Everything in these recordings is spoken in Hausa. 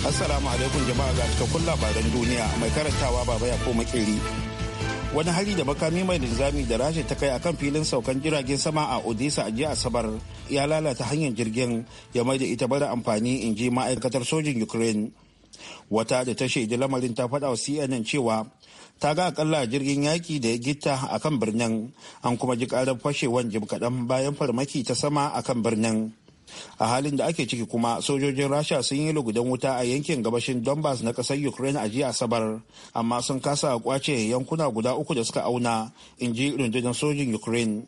Assalamu alaikum jama'a ga cikakkun labaran duniya mai karantawa baba ya ko makiri. Wani hari da makami mai linzami da rasha ta kai akan filin saukan jiragen sama a Odisa a jiya Asabar ya lalata hanyar jirgin ya mai da ita bara amfani in ji ma'aikatar sojin Ukraine. Wata da ta shaidi lamarin ta faɗa wa CNN cewa ta ga akalla jirgin yaƙi da ya gitta akan birnin an kuma ji ƙarar fashewan jim kaɗan bayan farmaki ta sama akan birnin. a halin da ake ciki kuma sojojin rasha sun yi lugudan wuta a yankin gabashin donbass na kasar ukraine a jiya asabar amma sun kasa kwace yankuna guda uku da suka auna in ji rundunar sojin ukraine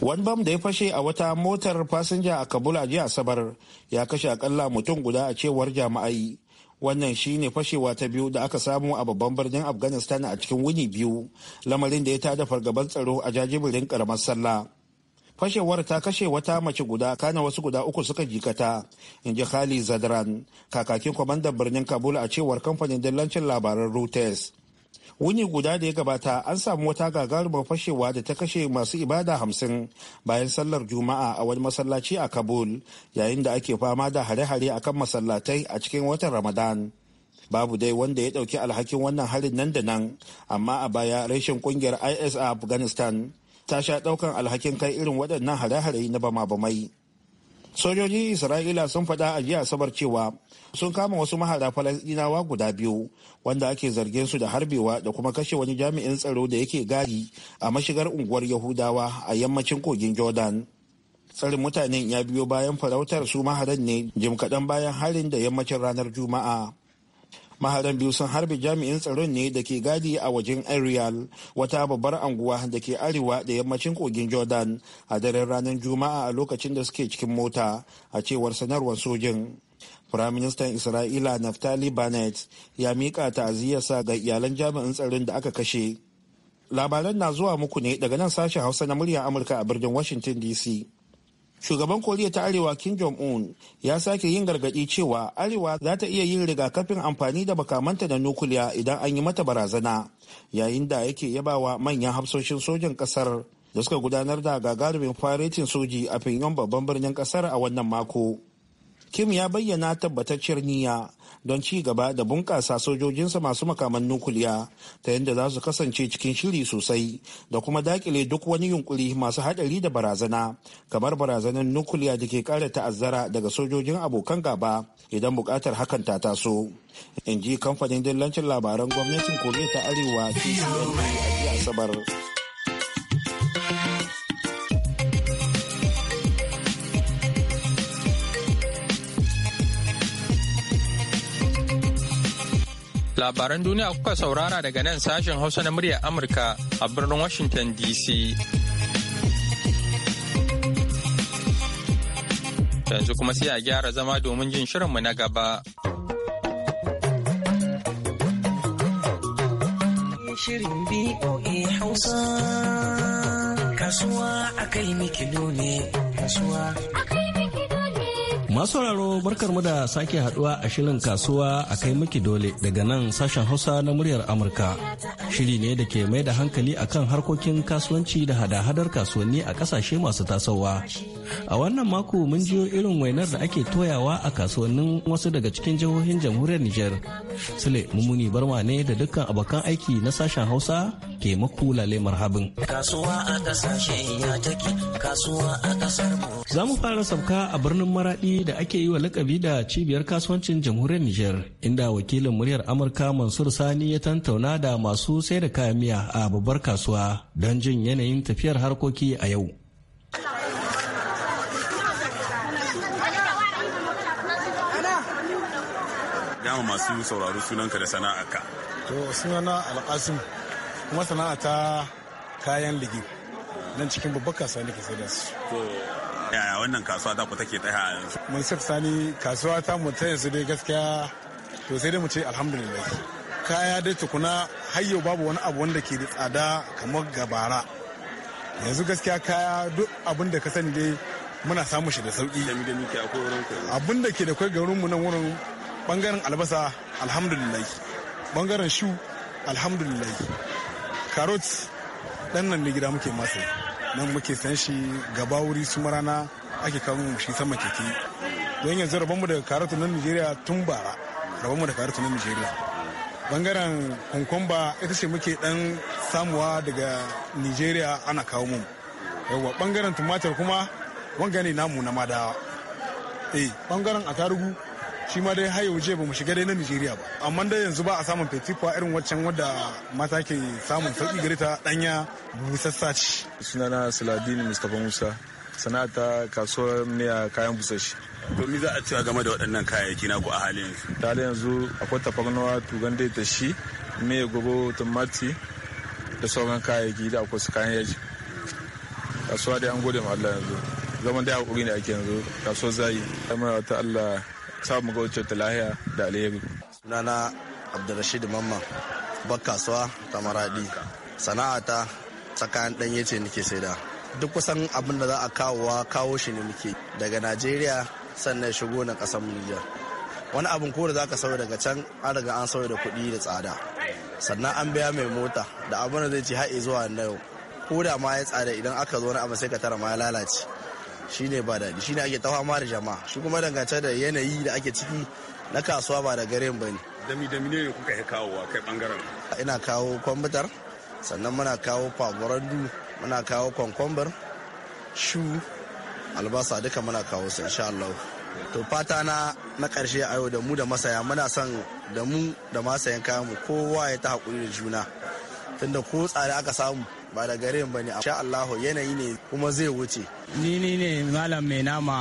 wani bam da ya fashe a wata motar fasinja a kabul a jiya asabar ya kashe akalla mutum guda a cewar jama'ai wannan shine fashewa ta biyu da aka samu a babban birnin afghanistan a cikin wuni biyu lamarin da ya tada fargaban tsaro a jajibirin karamar sallah fashewar ta kashe wata mace guda kana wasu guda uku suka jikata in ji khali zadran kakakin kwamandan birnin kabul a cewar kamfanin dillancin labaran reuters wuni guda da ya gabata an samu wata gagarumar fashewa da ta kashe masu ibada hamsin bayan sallar juma'a a wani masallaci a kabul yayin da ake fama da hare-hare a kan masallatai a cikin watan ramadan babu dai wanda ya dauki alhakin wannan harin nan da nan amma a baya reshen kungiyar is a afghanistan ta sha ɗaukan alhakin kai irin waɗannan hare-hare na bama-bamai. sojojin isra'ila sun faɗa a jiya asabar cewa sun kama wasu mahara falasɗinawa guda biyu wanda ake zargin su da harbewa da kuma kashe wani jami'in tsaro da yake gari a mashigar unguwar yahudawa a yammacin kogin jordan tsarin mutanen ya biyo bayan farautar su maharan ne jim kaɗan bayan harin da yammacin ranar juma'a maharan biyu sun harbe jami'in tsaron ne da ke gadi a wajen arial wata babbar anguwa da ke arewa da yammacin kogin jordan a daren ranar juma'a a lokacin da suke cikin mota a cewar sanarwar sojin firaministan isra'ila naftali barnett ya miƙa ta'aziyarsa ga iyalan jami'in tsaron da aka kashe labaran na zuwa muku ne daga nan sashen hausa na murya amurka a birnin washington dc shugaban koriya ta arewa kim jong-un ya sake yin gargaɗi cewa arewa za ta iya yin rigakafin amfani da bakamanta da nukuliya idan an yi mata barazana yayin da yake yabawa manyan hafsoshin sojin kasar da suka gudanar da gagarumin faretin soji a finyon babban birnin kasar a wannan mako kim ya bayyana tabbatacciyar niyya don ci gaba da bunƙasa sojojinsa masu makaman nukuliya ta yadda za su kasance cikin shiri sosai da kuma dakile duk wani yunkuri masu haɗari da barazana kamar barazanar nukuliya da ke ƙara ta'azzara daga sojojin abokan gaba idan buƙatar hakan ta taso in ji kamfanin dillancin labaran gwamnatin koriya ta arewa a asabar Labaran duniya kuka saurara daga nan sashen Hausa na muryar Amurka a birnin Washington DC. Yanzu kuma sai a gyara zama domin jin shirinmu na gaba. Shirin BOA Hausa Kasuwa akai ne Kasuwa akai Masu sauraro barkar mu da sake haduwa a shirin kasuwa a kai miki dole daga nan sashen Hausa na muryar Amurka. Shiri ne da ke mai da hankali akan harkokin kasuwanci da hada-hadar kasuwanni a kasashe masu tasowa. A wannan mako mun jiyo irin wainar da ake toyawa a kasuwannin wasu daga cikin jihohin jamhuriyar Nijar. Sule Mumuni Barma ne da dukkan abokan aiki na sashen Hausa ke maku lale marhabin. Kasuwa a kasashe ya take, kasuwa a kasar Za mu fara sabka a birnin maraɗi. da ake yi wa lakabi da cibiyar kasuwancin jamhuriyar Nijar, inda wakilin muryar Amurka Mansur Sani ya tantauna da masu sai da kayan miya a babbar kasuwa don jin yanayin tafiyar harkoki a yau. Gama masu sauraro sunanka da ka. To sunana Alƙasim kuma sana'a ta kayan ligi nan cikin babbar kasuwa ne ke sai da su. yaya wannan kasuwa ta ku take ta yanzu mun sani kasuwa ta mu ta yanzu dai gaskiya to sai dai mu ce alhamdulillah kaya dai tukuna hayyau babu wani abu wanda ke da tsada kamar gabara yanzu gaskiya kaya duk abin da ka sani dai muna samun shi da sauki abin da ke da kai garin mu nan wurin bangaren albasa alhamdulillah bangaren shu alhamdulillah karot dan nan ne gida muke masa nan muke san shi gaba wuri su marana ake kawo shi sama keke don yanzu rabonmu daga karatu na nigeria tun bara rabonmu da karatu na nigeria bangaren kunkumba ita ce muke dan samuwa daga nigeria ana kawo mu yawa bangaren tumatir kuma wanga ne namu na madawa eh bangaren atarugu shi ma dai hayo je ba mu shiga dai na Nijeriya ba amma dai yanzu ba a samun fetifa irin waccan wadda mata ke samun sauki gare ta danya busassa ce sunana Saladin Mustapha Musa sanata kasuwar miya kayan busashi to mi za a cewa game da waɗannan kayayyaki na ku a halin yanzu ta yanzu akwai tafarnuwa tugan dai ta shi mai gogo tumati da sauran kayayyaki da akwai su kayan yaji kasuwa dai an gode ma Allah yanzu zaman dai hakuri ne ake yanzu kasuwar zai amma wata Allah samu ga ta lahiya da alheri sunana abdulrashid mamman bar kasuwa ta maradi Sana'a ta kayan ɗanye ce nake saida duk kusan abin da za a kawowa kawo shi ne muke daga najeriya sannan shigo na kasar nijar wani abin ko da za ka sauya daga can an riga an sauya da kuɗi da tsada sannan an biya mai mota da abin da zai ci haɗe zuwa na yau ko da ma ya tsada idan aka zo na abu sai ka tara ma ya lalace Shi ne ba daɗi ne ake ta fama da jama'a shi kuma dangance da yanayi da ake ciki na kasuwa ba da gare ba ne dami dami ne kuka yi kawowa kai bangaren ina kawo kwambutar sannan muna kawo fagorandu muna kawo kwankwambar shu albasa duka muna kawo su insha Allah to fata na na karshe a yau da mu da masaya muna son da mu da masayan kayan mu kowa ya ta hakuri da juna tunda ko tsare aka samu ba da garin ba ne a Allahu yanayi ne kuma zai wuce ni ni ne malam mai nama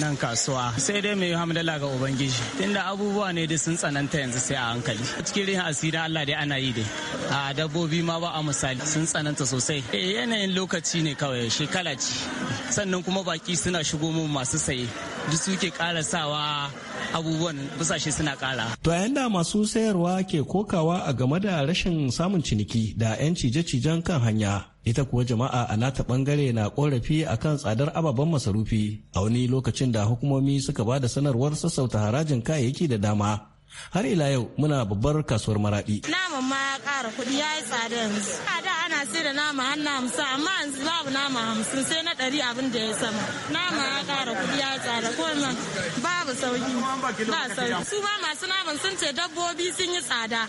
nan kasuwa sai dai mai hamdala ga ubangiji tunda abubuwa ne da sun tsananta yanzu sai a hankali cikin rihin asiri Allah dai ana yi dai a dabbobi ma ba a misali sun tsananta sosai eh, yanayin lokaci ne kawai shekala ce sannan kuma baki suna shigo mu masu saye duk suke ƙara sawa abubuwan busashe suna ƙara. To a yanda masu sayarwa ke kokawa a game da rashin samun ciniki da 'yan cije-cijen kan hanya. Ita kuwa jama'a a nata bangare na korafi a kan tsadar ababen masarufi a wani lokacin da hukumomi suka ba da sanarwar sassauta harajin kayayyaki da dama har ila yau muna babbar kasuwar maradi naman ma ya kara kuɗi ya yi tsada yanzu a da ana sai da nama har na hamsin amma yanzu babu nama hamsin sai na ɗari abin da ya sama nama ya kara kuɗi ya yi tsada ko babu sauki ba sauki su ma masu naman sun ce dabbobi sun yi tsada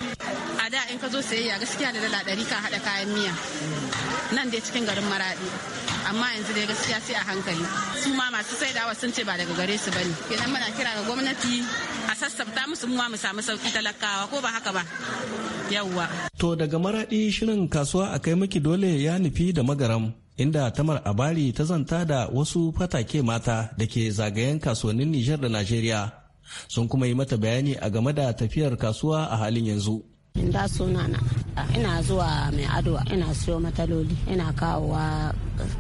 a da in ka zo sayayya gaskiya da dala ɗari ka haɗa kayan miya nan dai cikin garin maradi amma yanzu dai gaskiya sai a hankali su ma masu saidawa sun ce ba daga gare su bane kenan muna kira ga gwamnati a sassafta musu mu mu samu sauki talakawa ko ba haka ba yawwa to daga maradi shirin kasuwa a kai maki dole ya nufi da magaram inda tamar abari ta zanta da wasu fatake mata da ke zagayen kasuwannin nijar da najeriya sun kuma yi mata bayani a game da tafiyar kasuwa a halin yanzu ina zuwa mai adowa ina siyo mataloli ina kawowa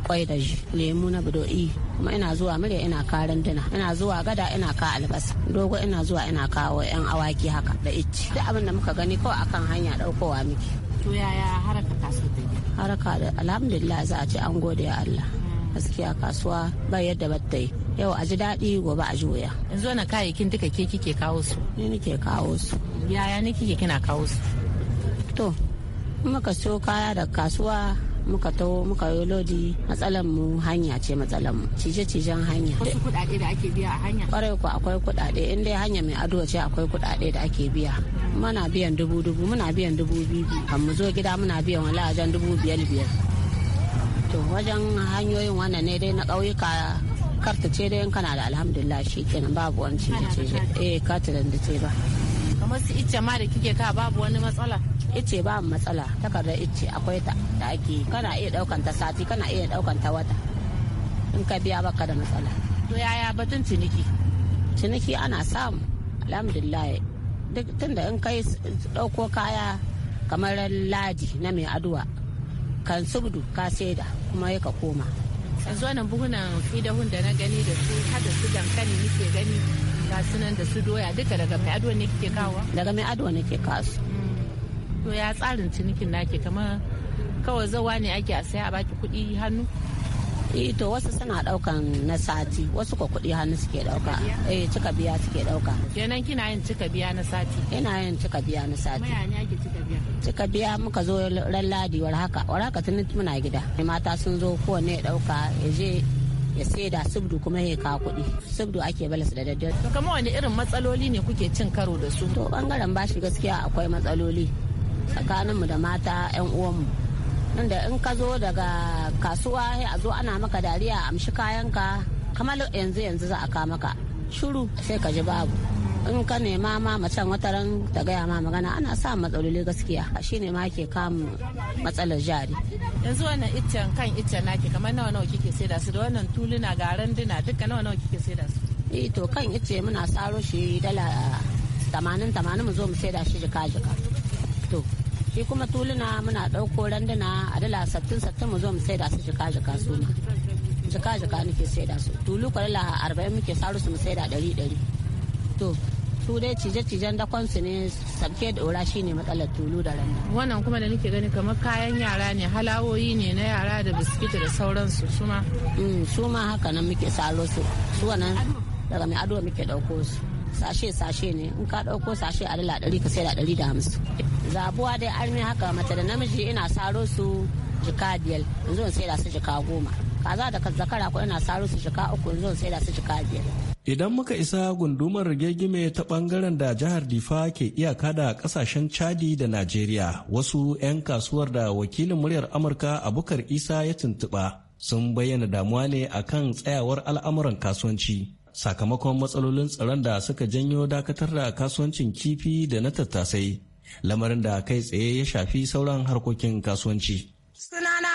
kwai da shi lemu na budoi kuma ina zuwa murya ina ka randuna ina zuwa gada ina ka albasa dogo ina zuwa ina kawo yan awaki haka da icci duk abin da muka gani kawai akan hanya daukowa miki to yaya haraka kasuwa haraka da alhamdulillah za a ce an gode ya Allah hmm. gaskiya kasuwa ba yadda ba ta yi yau a ji daɗi gobe a juya yanzu wani kayayyakin duka ke kike kawo su ni nake kawo su yaya ne kike kina kawo su to muka so kaya da kasuwa muka to muka yi lodi matsalar mu hanya ce matsalar mu cije cijen hanya wasu kudade da ake biya a hanya kwarai ku akwai kuɗaɗe inda hanya mai ado ce akwai kuɗaɗe da ake biya muna biyan dubu dubu muna biyan dubu biyu kan mu zo gida muna biyan wala wajen dubu biyar biyar to wajen hanyoyin wannan ne dai na ƙauyuka karta ce dai kana da alhamdulillah shi kenan babu wani cije cije eh karta da ce ba kamar su ice ma da kike ka babu wani matsala ice ba matsala takardar ice akwai ta da ake kana iya daukan ta sati kana iya daukan ta wata in ka biya baka da matsala to yaya batun ciniki ciniki ana samu alhamdulillah duk tunda in kai dauko kaya kamar ladi na mai aduwa kan subdu ka saida kuma ya koma yanzu wannan buhunan fidahun da na gani da su hada su dankali nike gani ga sunan da su doya duka daga mai ado ne kike kawo daga mai ado ne ke kasu hmm. to ya tsarin cinikin nake kamar kawai zawa ne ake a saya a baki kuɗi hannu eh to wasu suna daukan na sati wasu ko kuɗi hannu suke dauka eh cika biya suke dauka kenan kina yin cika biya na sati ina yin cika biya na sati maya ne ake cika biya cika biya muka zo ran ladi war haka war haka tun muna gida mata sun zo kowanne ya dauka ya je ya da subdu kuma ya kawo kuɗi subdu ake balas da daddare. to kamar wani irin matsaloli ne kuke cin karo da su. to bangaren bashi gaskiya akwai matsaloli tsakanin mu da mata 'yan uwanmu inda in ka zo daga kasuwa a zo ana maka dariya amshi kayan ka kamar yanzu yanzu za a ka maka shuru sai ka ji babu in ka nema ma macen wataran ta gaya ma magana ana sa matsaloli gaskiya shine ma ke kama matsalar jari yanzu wannan iccen kan iccen naki kamar nawa nawa kike saida su da wannan tuluna ga randuna duka nawa nawa kike saida su eh to kan icce muna saro shi dala tamanin tamanin mu zo mu saida shi jika jika to shi kuma tuluna muna ɗauko randuna a dala sattin sattin mu zo mu saida su jika jika su ma jika jika nake saida su tulu kwa dala arba'in muke saro su mu saida ɗari ɗari to su dai cije-cijen dakonsu ne sabke da ora shine matsalar tulu da randa wannan kuma da nake gani kamar kayan yara ne halawoyi ne na yara da biskiti da sauransu mm, su ma haka nan muke salo su su wannan daga mai ado muke dauko su sashe sashe ne in ka dauko sashe a dala ɗari ka sai da ɗari da hamsin zabuwa dai armi haka mace da namiji ina saro su jika biyar yanzu in sai da su jika goma kaza da zakara ko ina saro su jika uku yanzu in sai da su jika biyar Idan muka isa gundumar gegime ta bangaren da jihar Difa ke iyaka da ƙasashen Chadi da Najeriya, wasu 'yan kasuwar da wakilin muryar Amurka Abukar Isa ya tuntuɓa sun bayyana damuwa ne akan tsayawar al'amuran kasuwanci. Sakamakon matsalolin tsaron da suka janyo dakatar da kasuwancin kifi da na tattasai, lamarin da kai tsaye ya shafi sauran harkokin kasuwanci.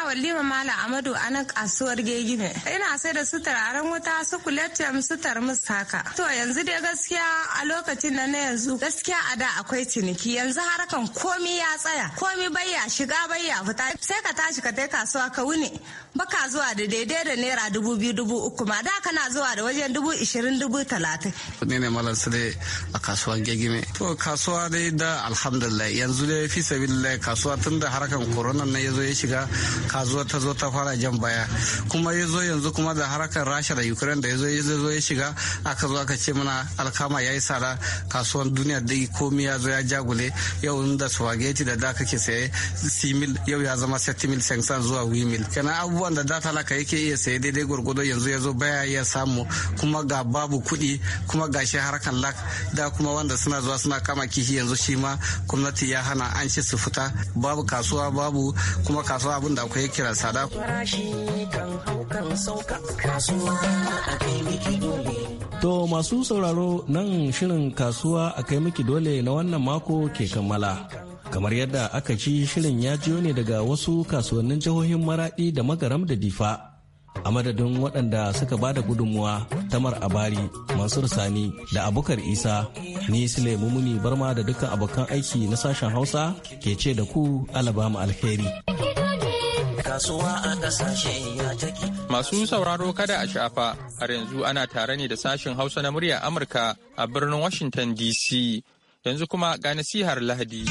Walima Mala Amadu a nan kasuwar Gegime. Ina sai da su turaren wuta su kuletum su tarmus haka. To yanzu dai gaskiya a lokacin nan na yanzu gaskiya a da akwai ciniki yanzu harakan komi ya tsaya komi bayya shiga bayya fita sai ka tashi ka kai kasuwa ka wune baka zuwa da daidai da naira dubu biyu dubu uku ma da kana zuwa da wajen dubu ishirin dubu talatin. ne ne malam sule a kasuwan gegime to kasuwa dai da alhamdulillah yanzu dai fi sabilillah kasuwa tun da harakan corona na ya zo ya shiga kasuwa ta zo ta fara jan baya kuma ya zo yanzu kuma da harakan rasha da ukraine da ya zo ya shiga aka zo aka ce mana alkama ya yi tsada kasuwan duniya dai komi ya zo ya jagule yau da spaghetti da da kake saye simil yau ya zama setimil sengsan zuwa wimil kana abubuwa wanda da talaka yake iya saye daidai gwargwado yanzu ya zo baya ya samu kuma ga babu kuɗi kuma ga shi harkan lak da kuma wanda suna zuwa suna kama kihi yanzu shi ma gwamnati ya hana an ci su fita babu kasuwa babu kuma kasuwa abin da akwai kira sada. To masu sauraro nan shirin kasuwa a kai miki dole na wannan mako ke kammala. kamar yadda aka ci shirin ya jiyo ne daga wasu kasuwannin jihohin maradi da magaram da difa a madadin waɗanda suka ba da gudunmuwa tamar abari mansur sani da abukar isa ni sule muni barma da dukkan abokan aiki na sashen hausa ke ce da ku alabama alheri masu sauraro kada a shafa har yanzu ana tare ne da sashen hausa na murya amurka a birnin washington dc yanzu kuma ga nasihar lahadi.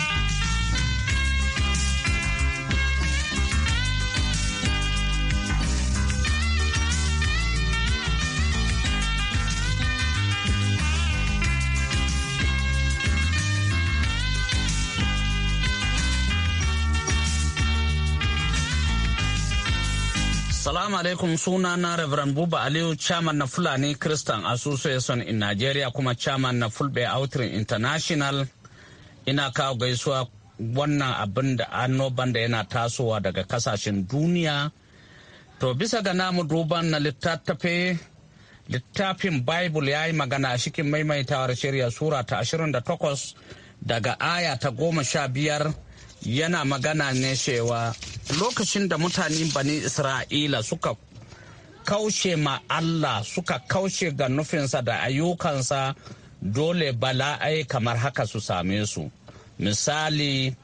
Salamu alaikum suna na Reverend Buba Aliyu chairman na Fulani Christian Association in Nigeria kuma chairman na Fulbe Outreach International ina kawo gaisuwa wannan abin da annoban banda yana tasowa daga kasashen duniya. To bisa ga namu duban na littattafe littafin Bible ya yi magana a cikin maimaitawar shirya Sura ta 28 daga aya ta goma sha biyar. yana magana ne cewa lokacin da mutanen bani isra'ila suka kaushe ma Allah suka kaushe ga nufinsa da ayyukansa dole bala'ai kamar haka su same su misali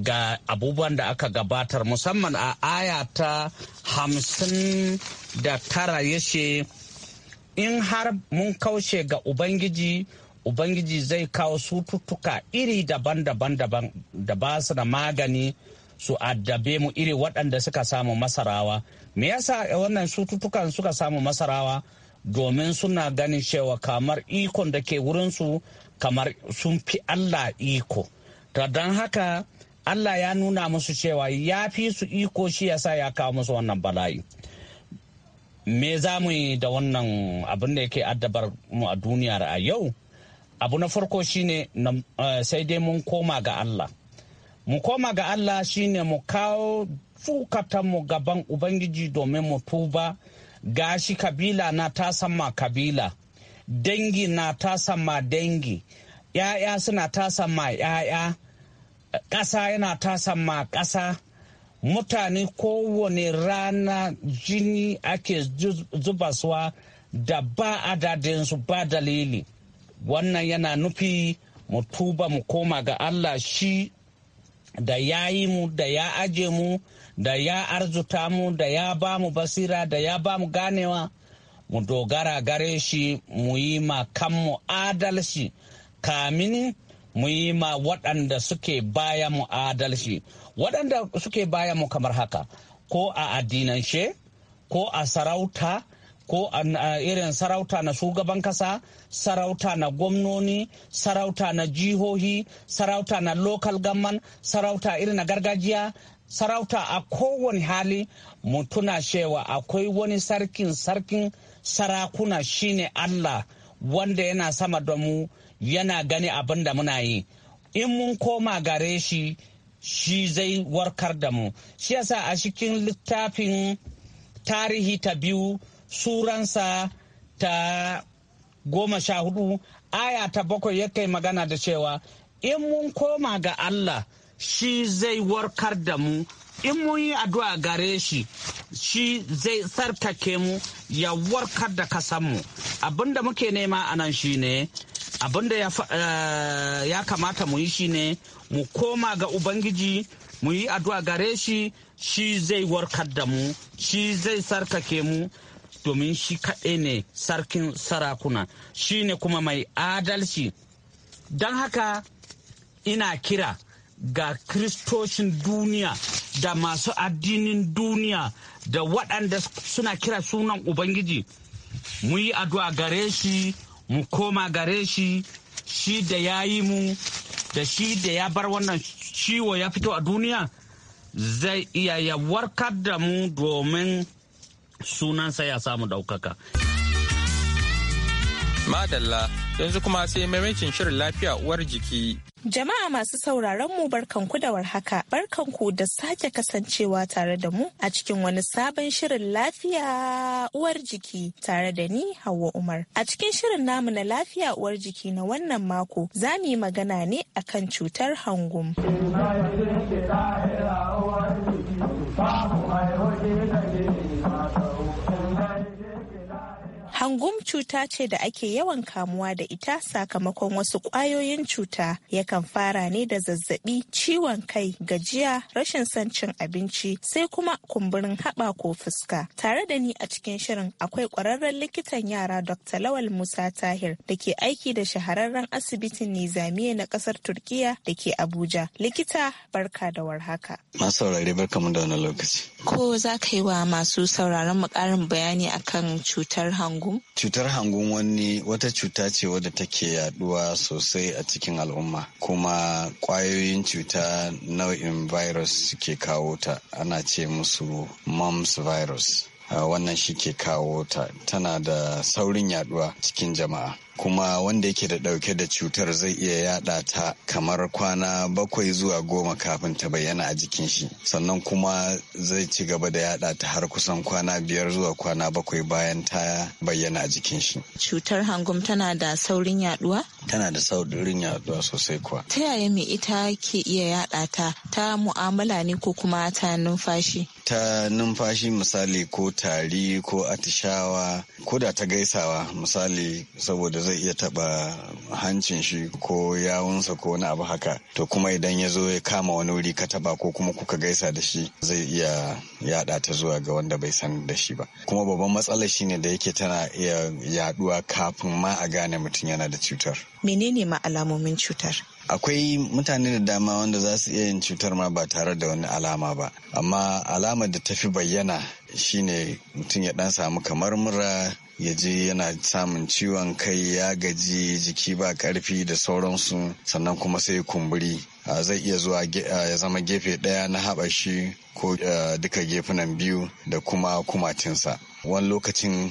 ga abubuwan da aka gabatar musamman a aya ta hamsin da tara yashe in har mun kaushe ga ubangiji ubangiji zai kawo sututtuka iri daban-daban da ba su da magani su addabe mu iri waɗanda suka samu masarawa me yasa wannan sututtukan suka samu masarawa domin suna ganin cewa kamar ikon da ke wurinsu kamar sun fi allah iko ta don haka allah ya nuna musu cewa ya fi su iko shi yasa ya kawo musu wannan bala'i me za mu yi da wannan abin da yake addabar mu a duniya a yau abu na farko shine eh, sai dai mun koma ga allah mu koma ga allah shine mu kawo mu gaban ubangiji domin mu tuba gashi kabila na ta sama kabila dangi na ta sama dangi ‘ya'ya suna ta sama ‘ya'ya ƙasa yana ta sama ƙasa mutane kowane rana jini ake zubaswa da ba adadinsu ba dalili wannan yana nufi mu tuba mu koma ga allah shi da ya yi mu da ya aje mu da ya arzuta mu da ya ba mu basira da ya ba mu ganewa mu dogara gare shi mu yi ma kanmu adalci kamin mu yi ma waɗanda suke baya mu adalci waɗanda suke baya mu kamar haka ko a addinanshe ko a sarauta ko irin sarauta na shugaban kasa sarauta na gwamnoni sarauta na jihohi sarauta na local government sarauta irin na gargajiya sarauta a kowane hali mutuna shewa akwai wani sarkin sarkin sarakuna shine allah wanda yana sama da mu yana gani abin da muna yi in mun koma gare shi shi zai warkar da mu shi yasa a cikin littafin tarihi ta biyu suransa ta goma sha hudu aya ta bakwai ya kai magana da cewa in mun koma ga Allah shi zai warkar da mu in mun yi addu'a gare shi shi zai tsarkake mu ya warkar da kasanmu abinda muke nema a nan shi abinda ya, uh, ya kamata mu yi shi ne mu koma ga ubangiji mu yi addu'a gare shi shi zai warkar da mu shi zai tsarkake mu domin shi kaɗai ne sarkin sarakuna shi ne kuma mai adalci don haka ina kira ga kristoshin duniya da masu addinin duniya da waɗanda suna kira sunan ubangiji mu yi addu'a gare shi mu koma gare shi shi da ya yi mu da shi da ya bar wannan ciwo ya fito a duniya zai iya ya warkar da mu domin sunansa ya samu ɗaukaka. Madalla yanzu kuma sai maimacin shirin lafiya uwar jiki. Jama'a masu sauraron mu barkanku da warhaka, barkanku da sake kasancewa tare da mu a cikin wani sabon shirin lafiya uwar jiki tare da ni Hauwa Umar. A cikin shirin namu na lafiya uwar jiki na wannan mako za mu yi magana ne akan cutar hangum. hangum cuta ce da ake yawan kamuwa da ita sakamakon wasu ƙwayoyin cuta yakan fara ne da zazzabi ciwon kai gajiya rashin son cin abinci sai kuma kumburin haɓa ko fuska tare da ni a cikin shirin akwai ƙwararren likitan yara dr lawal musa tahir da ke aiki da shahararren asibitin nizamiya na ƙasar turkiya da ke abuja likita barka da warhaka masu saurare barka wani lokaci ko za ka yi wa masu sauraron mu ƙarin bayani akan cutar hangum Cutar hangun wani wata cuta ce wadda take yaduwa sosai a cikin al'umma kuma kwayoyin cuta nau'in virus suke kawo ta ana ce musu mumps virus. Ah, wannan shi ke kawo ta tana da saurin yaduwa cikin jama'a kuma wanda yake da dauke da cutar zai iya yada ta kamar kwana bakwai zuwa goma kafin ta bayyana a jikin shi sannan kuma zai ci gaba da yada ta har kusan kwana biyar zuwa kwana bakwai bayan ta bayyana a jikin shi cutar hangum tana da saurin yaduwa tana da saurin yaduwa sosai kuwa ta yaya mai ita ke iya yada ta ta mu'amala ne ko kuma ta numfashi ta numfashi misali ko tari ko atishawa ko da ta gaisawa misali saboda zai zai iya taba hancin shi ko yawunsa ko wani abu haka to kuma idan ya zo ya kama wani wuri ka taba ko kuma kuka gaisa da shi zai iya yada ta zuwa ga wanda bai san da shi ba kuma babban matsalar shi ne da yake tana iya yaduwa kafin ma a gane mutum yana da cutar menene ma alamomin cutar akwai mutane da dama wanda za su iya yin cutar ma ba tare da wani alama ba amma alamar da tafi bayyana shine mutum ya dan samu kamar mura ya je yana samun ciwon kai ya gaji jiki ba karfi da sauransu sannan kuma sai kumburi a ah, zai iya zuwa ah, ya zama gefe ɗaya na habashi ko ah, duka gefunan biyu da kuma kumatinsa wani lokacin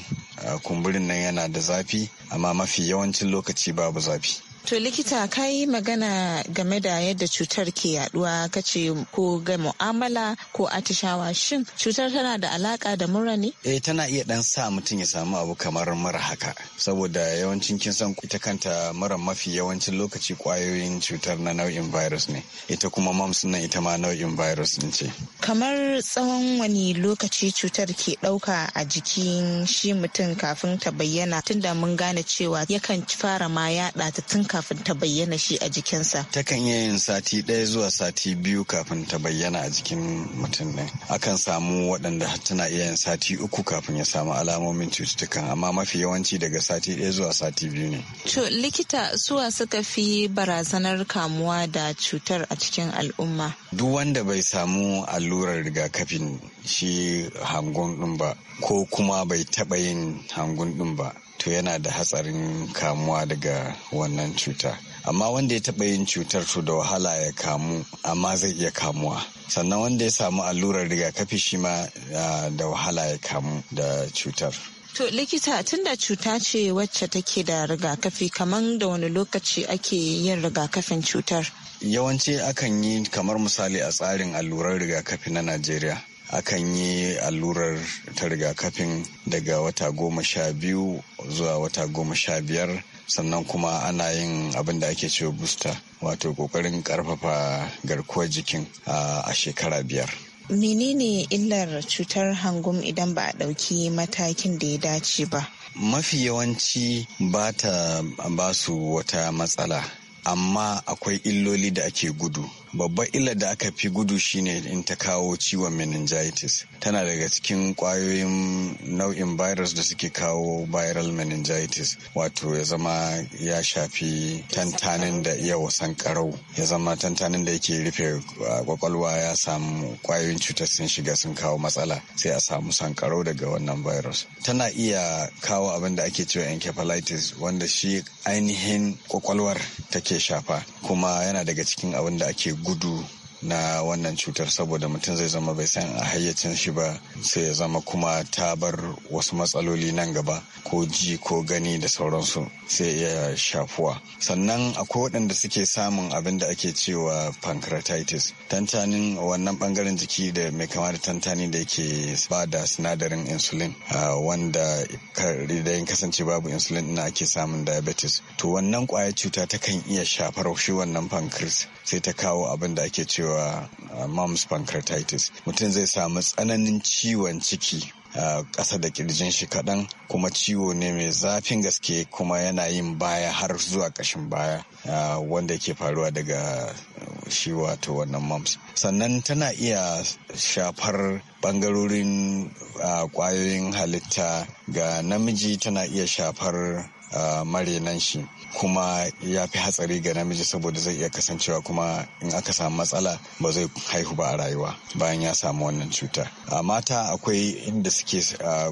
kumburin nan yana da zafi amma mafi yawancin lokaci babu zafi To likita ka yi magana game da yadda cutar ke yaduwa kace ko ga mu'amala ko atishawa shin cutar tana da alaka da mura ne? Eh tana iya dan sa mutum ya samu abu kamar mura haka saboda yawancin kin san ita kanta mura mafi yawancin lokaci kwayoyin cutar na nau'in virus ne ita kuma mams nan ita ma nau'in virus din ce. Kamar tsawon wani lokaci cutar ke dauka a jikin shi mutum kafin ta bayyana tunda mun gane cewa yakan fara ma yaɗa ta tun kafin ta bayyana shi a jikinsa. Takan iya yin sati ɗaya zuwa sati biyu kafin ta bayyana a jikin mutum ɗin. Akan samu waɗanda tana iya yin sati uku kafin ya samu alamomin cututtukan amma mafi yawanci daga sati ɗaya zuwa sati biyu ne. To likita suwa suka fi barazanar kamuwa da cutar a cikin al'umma. Duk wanda bai samu allurar rigakafin shi hangun ɗin ba ko kuma bai taɓa yin hangun ɗin ba to yana da hatsarin kamuwa daga wannan cuta amma wanda ya taɓa yin cutar to da wahala ya kamu amma zai iya kamuwa sannan wanda ya samu allurar rigakafi shi ma da wahala ya kamu da cutar To likita tunda cuta ce wacce take da rigakafi kamar da wani lokaci ake yin rigakafin cutar? Yawanci akan yi kamar misali a tsarin allurar rigakafi na Najeriya. akan yi allurar ta rigakafin daga wata goma sha biyu zuwa wata goma sha biyar sannan kuma ana yin abin da ake cewa busta wato kokarin karfafa garkuwar jikin a shekara biyar menene illar cutar hangum idan ba a ɗauki matakin da ya dace ba mafi yawanci ba ta ba su wata matsala amma akwai illoli da ake gudu babban illar da aka fi gudu shine in ta kawo ciwon meningitis tana daga cikin kwayoyin nau'in virus da suke kawo viral meningitis wato ya zama ya shafi tantanin da iya wasan karau ya zama tantanin da yake rufe kwakwalwa uh, ya samu kwayoyin cutar sun shiga sun kawo matsala sai a samu sankarau daga wannan virus tana iya kawo abin da ake cewa encephalitis wanda shi ainihin kwakwalwar take shafa kuma yana daga cikin abin da ake gudu na wannan cutar saboda mutum zai zama bai san a hayyacin shi ba sai ya zama kuma ta bar wasu matsaloli nan gaba ko ji ko gani da sauransu sai ya shafuwa sannan akwai waɗanda suke samun abin da ake cewa pancreatitis tantanin wannan bangaren jiki da mai kama da tantani da yake ba da sinadarin insulin wanda idan kasance babu insulin ina ake samun diabetes to wannan kwaya cuta ta kan iya shafar shi wannan pancreas sai ta kawo abin da ake cewa cewa uh, mumps pancreatitis mutum zai samu tsananin ciwon ciki a uh, ƙasa da kirjin shi kaɗan kuma ciwo ne mai zafin gaske kuma yana yin baya har zuwa ƙashin baya uh, wanda ke faruwa daga shi wato wannan mumps sannan tana iya shafar ɓangarorin kwayoyin halitta ga namiji tana iya shafar marinan shi kuma ya fi hatsari ga namiji saboda zai iya kasancewa kuma in aka samu matsala ba zai haihu ba a rayuwa bayan ya samu wannan cuta a mata akwai inda suke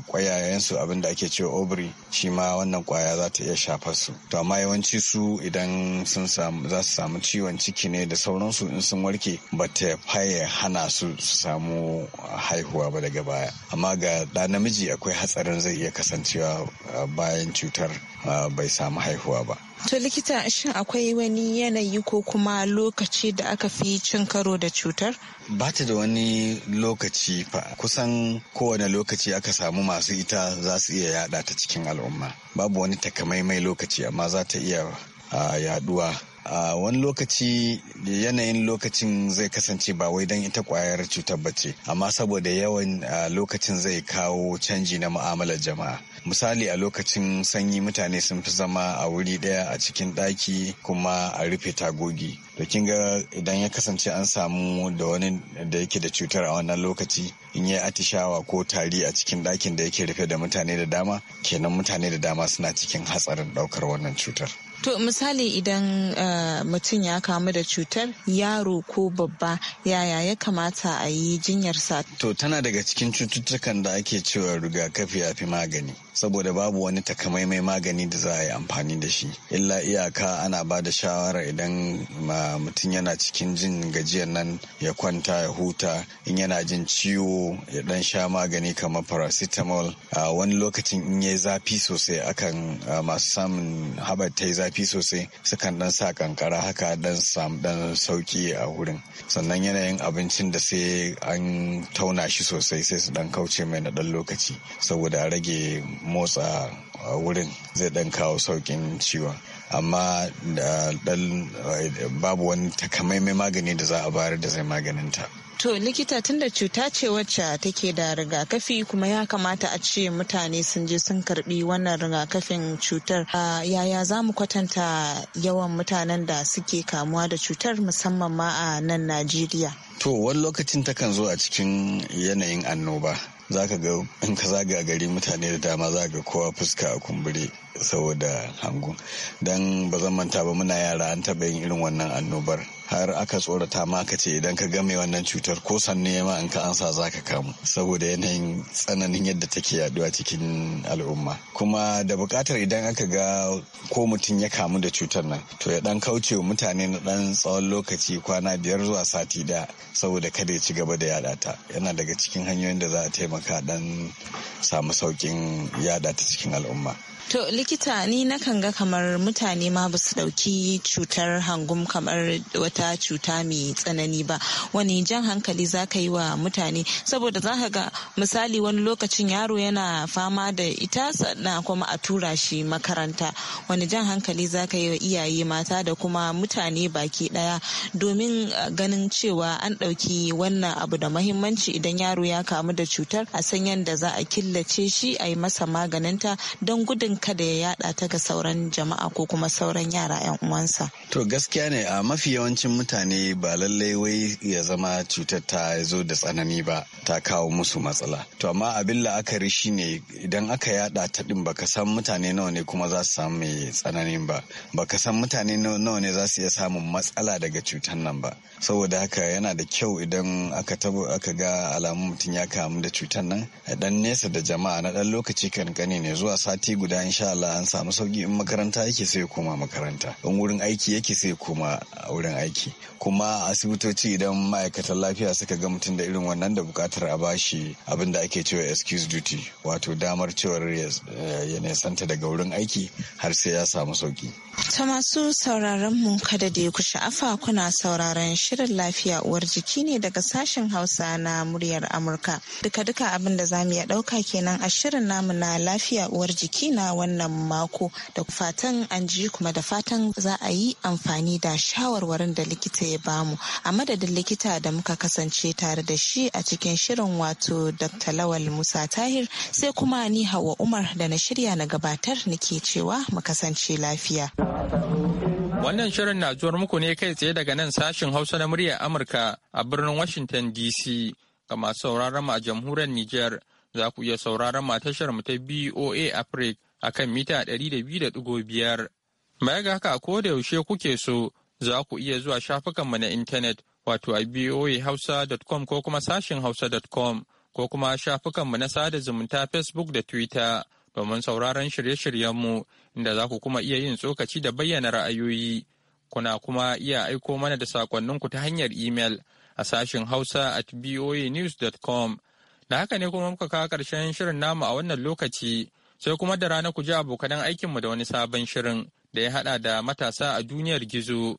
kwayayensu abinda ake cewa obri shi ma wannan kwaya za ta iya shafar su to amma yawanci su idan sun samu za su samu ciwon ciki ne da sauransu in sun warke ba ta faye hana su su samu haihuwa ba daga baya amma ga da namiji akwai hatsarin zai iya kasancewa bayan cutar bai samu haihuwa ba To likita shin akwai wani yanayi ko kuma lokaci da aka fi cin karo da cutar? Ba ta da wani lokaci fa kusan kowane lokaci aka samu masu ita za su iya yada ta cikin al'umma. Babu wani takamaimai lokaci amma za ta iya ah, yaduwa a wani lokaci yanayin lokacin zai kasance ba wai don ita kwayar cutar ba ce amma saboda yawan lokacin zai kawo canji na ma'amalar jama'a misali a lokacin sanyi mutane sun fi zama a wuri daya a cikin daki kuma a rufe tagogi Da kin ga idan ya kasance an samu da wani da yake da cutar a wannan lokaci in yi atishawa ko tari a cikin dakin da yake rufe da mutane da dama kenan mutane da dama suna cikin hatsarin daukar wannan cutar To misali idan eh, mutum ya kamu da cutar yaro ko babba yaya ya kamata a yi jinyarsa? To tana daga cikin cututtukan da ake cewa rigakafi ya fi magani. Saboda babu wani takamaimai magani da za a yi amfani da shi. Illa iyaka ana ba da shawara idan mutum yana cikin jin gajiyar nan ya kwanta ya huta in yana jin ciwo ya dan sha magani kamar paracetamol. Uh, wani lokacin in ya zafi sosai akan uh, masu samun haɓar ta zafi sosai sukan dan sa kankara haka dan samu dan sauki a wurin sannan yanayin abincin da sai an tauna shi sosai sai su dan kauce mai na dan lokaci saboda rage motsa a wurin zai dan kawo saukin ciwon amma babu wani takamaiman magani da za a bayar da zai maganinta. To likita tunda cuta ce wacce take da rigakafi kuma ya kamata a ce mutane sun je sun karbi wannan rigakafin cutar. Yaya za mu kwatanta yawan mutanen da suke kamuwa da cutar musamman ma a nan Najeriya? To wani lokacin takan zo a cikin yanayin annoba. za ka ga in ka zaga gari mutane da dama za ga kowa fuska a kumbure saboda hangu don ba zan manta ba muna yara an taɓa yin irin wannan annobar har aka tsorata ma aka ce idan ka ga mai wannan cutar ko sanne ma in ka ansa za ka kamu saboda yanayin tsananin yadda take yaduwa cikin al'umma kuma da bukatar idan aka ga ko mutum ya kamu da cutar nan to ya dan kauce wa mutane na dan tsawon lokaci kwana biyar zuwa sati ɗaya saboda kada ya ci gaba da yada ta yana daga cikin hanyoyin da za a taimaka dan samu saukin yada ta cikin al'umma To likita ni na kan ga kamar mutane ma ba su dauki cutar hangum kamar wata cuta mai tsanani ba wani jan hankali za ka yi wa mutane saboda za ka ga misali wani lokacin yaro yana fama da ita sannan kuma a tura shi makaranta wani jan hankali za ka yi wa iyaye mata da kuma mutane baki daya domin eh, ganin cewa an dauki wannan abu da mahimmanci idan yaro ya kamu da cutar a san yadda za a killace shi a yi masa maganinta don gudun kada ya yada ta ga sauran jama'a ko kuma sauran yara 'yan uwansa. To gaskiya ne a mafi yawancin mutane ba lallai wai ya zama cutar ta zo da tsanani ba ta kawo musu matsala. To amma abin la'akari ne idan aka yada ta din baka san mutane nawa ne kuma za su samu mai tsanani ba. Baka san mutane nawa ne za su iya samun matsala daga cutar nan ba. Saboda haka yana da kyau idan aka tabo aka ga alamun mutum ya kamu da cutar nan a dan nesa da jama'a na dan lokaci kankani ne zuwa sati guda insha Allah an samu sauki in makaranta yake sai koma makaranta in wurin aiki yake sai koma wurin aiki kuma asibitoci idan ma'aikatan lafiya suka ga mutum da irin wannan da bukatar a bashi abin da ake cewa excuse duty wato damar cewar ya nesanta daga wurin aiki har sai ya samu sauki ta masu sauraron mu kada da ku sha'afa kuna sauraron shirin lafiya uwar jiki ne daga sashen hausa na muryar amurka duka-duka abin da za mu iya ɗauka kenan a shirin namu na lafiya uwar jiki na wannan mako da fatan an ji kuma da fatan za a yi amfani da shawarwarin da likita ya bamu a madadin likita da muka kasance tare da shi a cikin shirin wato dr lawal musa tahir sai kuma ni hawa umar da na shirya na gabatar nake cewa mu kasance lafiya wannan shirin na zuwar muku ne kai tsaye daga nan sashin hausa na muryar amurka a birnin washington dc ga masu sauraron a jamhuriyar niger za ku iya sauraron mu ta mu ta boa africa a kan mita 200.5. Baya ga haka ko da yaushe kuke so za ku iya zuwa shafukanmu na intanet wato a voahausa.com ko kuma sashin hausa.com ko kuma shafukanmu na sada zumunta Facebook da Twitter domin sauraron shirye-shiryenmu inda za ku kuma iya yin tsokaci da bayyana ra'ayoyi. Kuna kuma iya aiko mana da sakonninku ta hanyar imel a sashin hausa at voanews.com. Da haka ne kuma muka kawo ƙarshen shirin namu a wannan lokaci. sai kuma da rana ku ji abokanan aikinmu da wani sabon shirin da ya haɗa da matasa a duniyar gizo.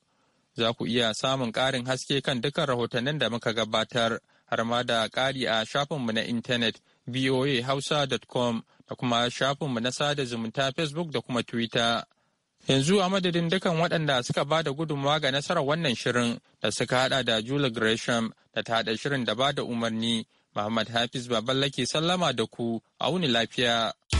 Za ku iya samun ƙarin haske kan dukkan rahotannin da muka gabatar har ma da ƙari a shafinmu na intanet voahausa.com da kuma shafinmu na sada zumunta Facebook da kuma Twitter. Yanzu a madadin dukan waɗanda suka ba da gudunmawa ga nasarar wannan shirin da suka haɗa da Julie Gresham da ta haɗa shirin da ba da umarni, Muhammad Hafiz Baballake sallama da ku, a wuni lafiya.